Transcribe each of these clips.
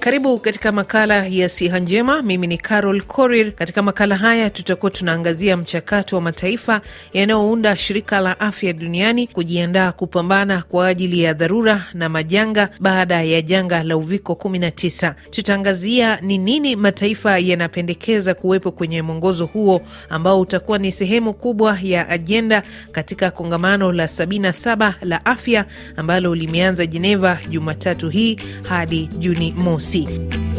Karibu katika makala ya siha njema. Mimi ni Carol Korir. Katika makala haya tutakuwa tunaangazia mchakato wa mataifa yanayounda shirika la afya duniani kujiandaa kupambana kwa ajili ya dharura na majanga baada ya janga la uviko 19. Tutaangazia ni nini mataifa yanapendekeza kuwepo kwenye mwongozo huo ambao utakuwa ni sehemu kubwa ya ajenda katika kongamano la 77 la afya ambalo limeanza Jeneva Jumatatu hii hadi Juni mosi. see.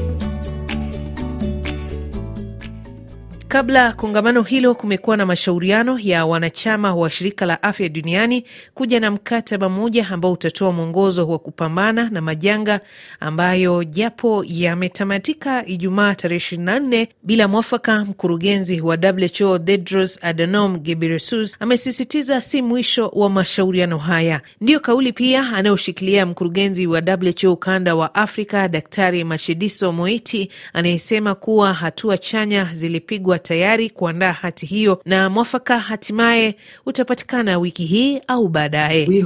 Kabla kongamano hilo, kumekuwa na mashauriano ya wanachama wa shirika la afya duniani kuja na mkataba mmoja ambao utatoa mwongozo wa kupambana na majanga ambayo japo yametamatika Ijumaa tarehe 24 bila mwafaka. Mkurugenzi wa WHO Tedros Adhanom Ghebreyesus amesisitiza si mwisho wa mashauriano haya. Ndiyo kauli pia anayoshikilia mkurugenzi wa WHO ukanda wa Afrika Daktari Mashidiso moiti anayesema kuwa hatua chanya zilipigwa tayari kuandaa hati hiyo na mwafaka hatimaye utapatikana wiki hii au baadaye.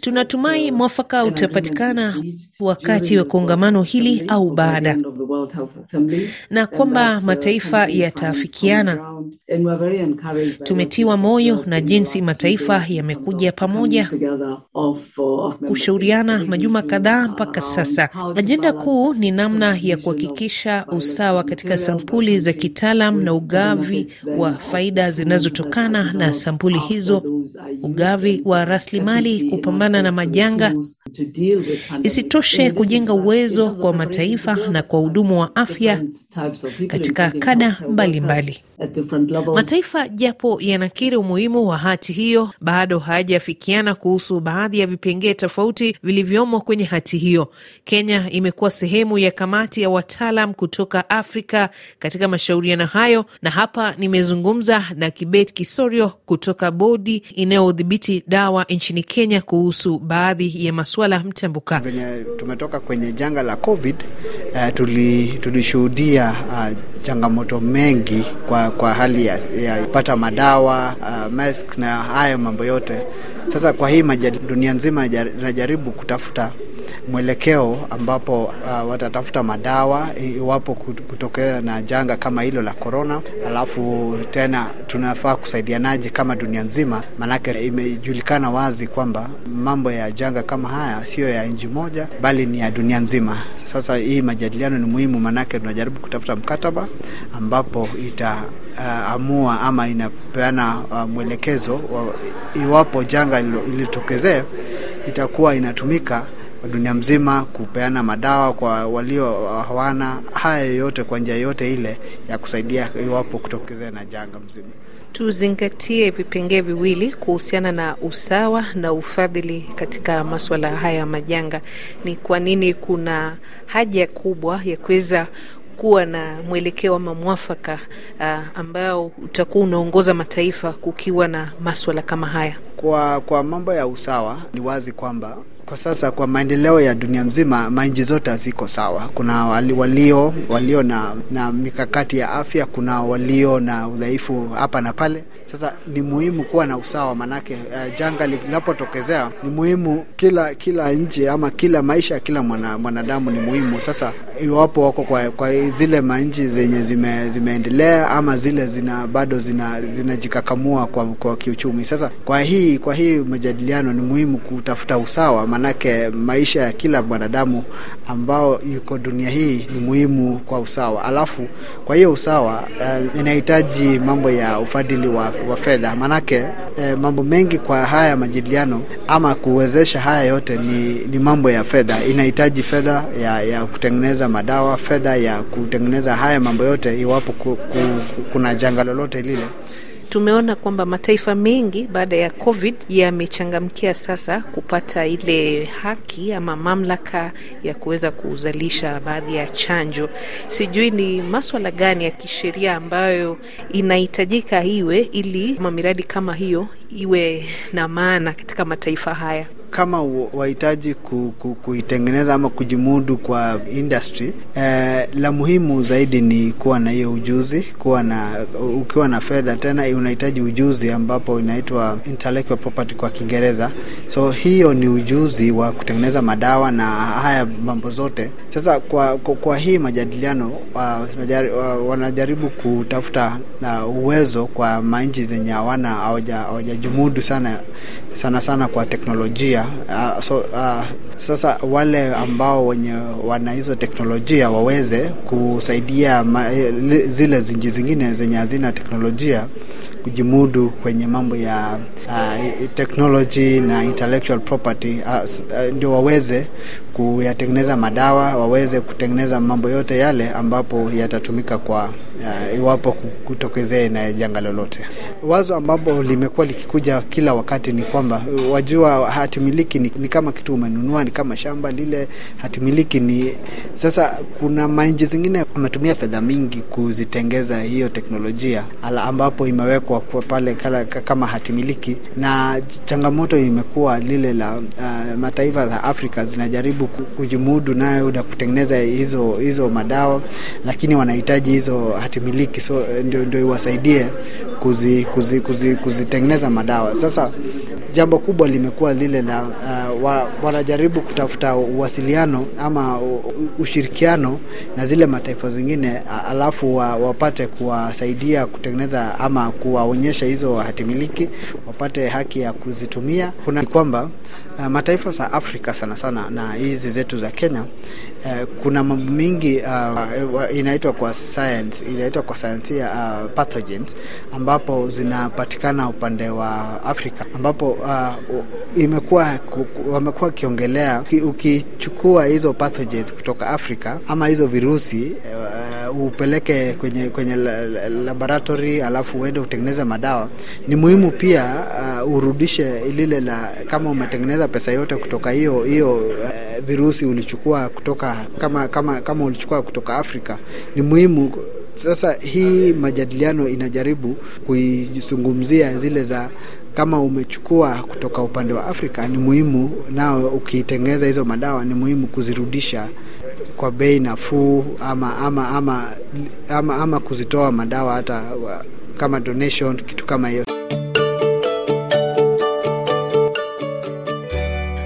Tunatumai mwafaka utapatikana wakati wa kongamano hili au baada, na kwamba uh, mataifa yataafikiana. Tumetiwa moyo na jinsi mataifa yamekuja pamoja uh, kushauriana majuma kadhaa mpaka sasa. Ajenda kuu ni namna ya kuhakikisha usawa katika sampuli za kitaalam na ugavi wa faida zinazotokana na sampuli hizo, ugavi wa rasilimali kupambana na majanga. Isitoshe, kujenga uwezo kwa mataifa na kwa hudumu wa afya katika kada mbalimbali mbali at different levels. Mataifa japo yanakiri umuhimu wa hati hiyo, bado hayajafikiana kuhusu baadhi ya vipengee tofauti vilivyomo kwenye hati hiyo. Kenya imekuwa sehemu ya kamati ya wataalam kutoka Afrika katika mashauriano hayo, na hapa nimezungumza na Kibet Kisorio kutoka bodi inayodhibiti dawa nchini Kenya kuhusu baadhi ya masuala mtambuka. Venye tumetoka kwenye janga la COVID, uh, tulishuhudia tuli uh, ah, changamoto mengi kwa, kwa hali ya, ya pata madawa uh, mask na hayo mambo yote. Sasa kwa hii majari, dunia nzima inajaribu kutafuta mwelekeo ambapo uh, watatafuta madawa iwapo kutokea na janga kama hilo la korona. Alafu tena tunafaa kusaidianaje kama dunia nzima, maanake imejulikana wazi kwamba mambo ya janga kama haya siyo ya nchi moja, bali ni ya dunia nzima. Sasa hii majadiliano ni muhimu, maanake tunajaribu kutafuta mkataba ambapo ita Uh, amua ama inapeana uh, mwelekezo wa iwapo janga ilitokezea itakuwa inatumika dunia mzima, kupeana madawa kwa walio hawana, haya yoyote, kwa njia yote ile ya kusaidia iwapo kutokezea na janga mzima. Tuzingatie vipengee viwili kuhusiana na usawa na ufadhili katika maswala haya ya majanga. Ni kwa nini kuna haja kubwa ya kuweza kuwa na mwelekeo ama mwafaka uh, ambao utakuwa unaongoza mataifa kukiwa na maswala kama haya? Kwa, kwa mambo ya usawa ni wazi kwamba kwa sasa kwa maendeleo ya dunia mzima, manji zote haziko sawa. Kuna walio walio na, na mikakati ya afya, kuna walio na udhaifu hapa na pale. Sasa ni muhimu kuwa na usawa, manake uh, janga linapotokezea ni muhimu kila kila nchi ama kila maisha ya kila mwana, mwanadamu ni muhimu. Sasa iwapo wako kwa, kwa zile manji zenye zime, zimeendelea ama zile zina bado zinajikakamua zina kwa, kwa kiuchumi. Sasa kwa hii kwa hii majadiliano ni muhimu kutafuta usawa maanake maisha ya kila mwanadamu ambao yuko dunia hii ni muhimu kwa usawa. Alafu kwa hiyo usawa uh, inahitaji mambo ya ufadhili wa, wa fedha, maanake uh, eh, mambo mengi kwa haya majadiliano ama kuwezesha haya yote ni, ni mambo ya fedha. Inahitaji fedha ya, ya kutengeneza madawa, fedha ya kutengeneza haya mambo yote, iwapo ku, ku, kuna janga lolote lile tumeona kwamba mataifa mengi baada ya COVID yamechangamkia sasa kupata ile haki ama mamlaka ya kuweza kuzalisha baadhi ya chanjo. Sijui ni maswala gani ya kisheria ambayo inahitajika iwe ili miradi kama hiyo iwe na maana katika mataifa haya kama wahitaji ku, ku, kuitengeneza ama kujimudu kwa industry eh, la muhimu zaidi ni kuwa na hiyo ujuzi, kuwa na ukiwa na fedha tena eh, unahitaji ujuzi ambapo inaitwa intellectual property kwa Kiingereza. So hiyo ni ujuzi wa kutengeneza madawa na haya mambo zote sasa kwa, kwa, kwa hii majadiliano wanajaribu kutafuta uh, uwezo kwa manchi zenye hawana hawajajimudu sana sana sana kwa teknolojia uh, so, uh, sasa wale ambao wenye wana hizo teknolojia waweze kusaidia ma, eh, zile zinji zingine zenye hazina teknolojia kujimudu kwenye mambo ya uh, technology na intellectual property uh, uh, ndio waweze kuyatengeneza madawa, waweze kutengeneza mambo yote yale ambapo yatatumika kwa uh, iwapo kutokezea na janga lolote. Wazo ambapo limekuwa likikuja kila wakati ni kwamba wajua, hatimiliki ni, ni kama kitu umenunua, ni kama shamba lile. Hatimiliki ni sasa, kuna manji zingine umetumia fedha mingi kuzitengeza hiyo teknolojia ala, ambapo imewekwa kwa pale kala, kama hatimiliki, na changamoto imekuwa lile la uh, mataifa za Afrika zinajaribu wanajaribu kujimudu nayo na kutengeneza hizo hizo madawa, lakini wanahitaji hizo hatimiliki, so eh, ndio ndio iwasaidie kuzitengeneza kuzi, kuzi, kuzi madawa. Sasa jambo kubwa limekuwa lile la uh, wa, wanajaribu kutafuta uwasiliano ama ushirikiano na zile mataifa zingine, alafu wa, wapate kuwasaidia kutengeneza ama kuwaonyesha hizo hatimiliki wapate haki ya kuzitumia. Kuna kwamba uh, mataifa za Afrika sana sana na hizi zetu za Kenya uh, kuna mambo mingi uh, inaitwa kwa science, inaitwa kwa sayansia uh, pathogens ambapo zinapatikana upande wa Afrika ambapo uh, imekuwa wamekuwa wakiongelea, ukichukua hizo pathogens kutoka Afrika ama hizo virusi uh, upeleke kwenye, kwenye laboratory alafu uende utengeneze madawa, ni muhimu pia uh, urudishe lile la kama umetengeneza pesa yote kutoka hiyo hiyo uh, virusi ulichukua kutoka kama, kama, kama ulichukua kutoka Afrika ni muhimu sasa hii majadiliano inajaribu kuizungumzia zile za kama umechukua kutoka upande wa Afrika ni muhimu, nao ukitengeza hizo madawa ni muhimu kuzirudisha kwa bei nafuu, ama, ama, ama, ama, ama kuzitoa madawa hata kama donation, kitu kama hiyo.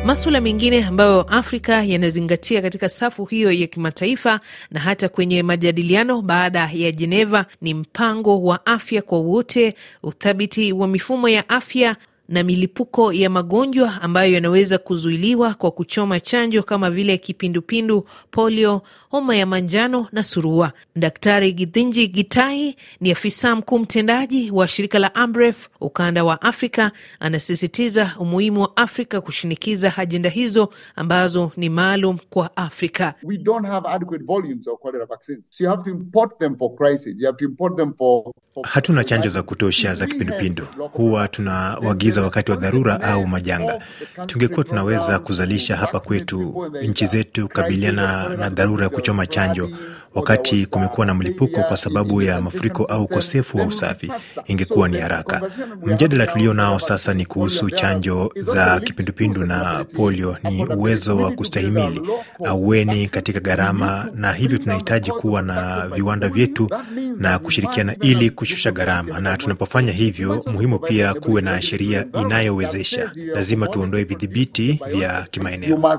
Maswala mengine ambayo Afrika yanazingatia katika safu hiyo ya kimataifa na hata kwenye majadiliano baada ya Jeneva ni mpango wa afya kwa wote, uthabiti wa mifumo ya afya na milipuko ya magonjwa ambayo yanaweza kuzuiliwa kwa kuchoma chanjo kama vile kipindupindu, polio, homa ya manjano na surua. Daktari Githinji Gitai ni afisa mkuu mtendaji wa shirika la AMREF ukanda wa Afrika, anasisitiza umuhimu wa Afrika kushinikiza ajenda hizo ambazo ni maalum kwa Afrika. We don't have adequate volumes of cholera vaccines. So you have to import them for crisis. You have to import them for, for... Hatuna chanjo za kutosha za kipindupindu, huwa tunaagiza kusikiliza wakati wa dharura au majanga. Tungekuwa tunaweza kuzalisha hapa kwetu, nchi zetu kukabiliana na dharura ya kuchoma chanjo Wakati kumekuwa na mlipuko kwa sababu ya mafuriko au ukosefu wa usafi, ingekuwa ni haraka. Mjadala tulio nao sasa ni kuhusu chanjo za kipindupindu na polio, ni uwezo wa kustahimili aueni katika gharama, na hivyo tunahitaji kuwa na viwanda vyetu na kushirikiana ili kushusha gharama, na tunapofanya hivyo, muhimu pia kuwe na sheria inayowezesha. Lazima tuondoe vidhibiti vya kimaeneo.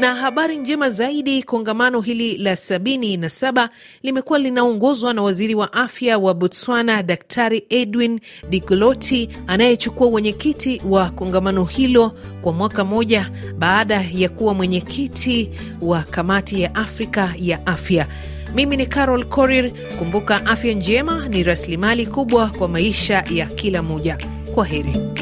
Na habari njema zaidi, kongamano hili la sabini na saba limekuwa linaongozwa na waziri wa afya wa Botswana, Daktari Edwin Dikgoloti, anayechukua mwenyekiti wa kongamano hilo kwa mwaka mmoja baada ya kuwa mwenyekiti wa kamati ya Afrika ya afya. Mimi ni Carol Korir. Kumbuka, afya njema ni rasilimali kubwa kwa maisha ya kila mmoja. Kwa heri.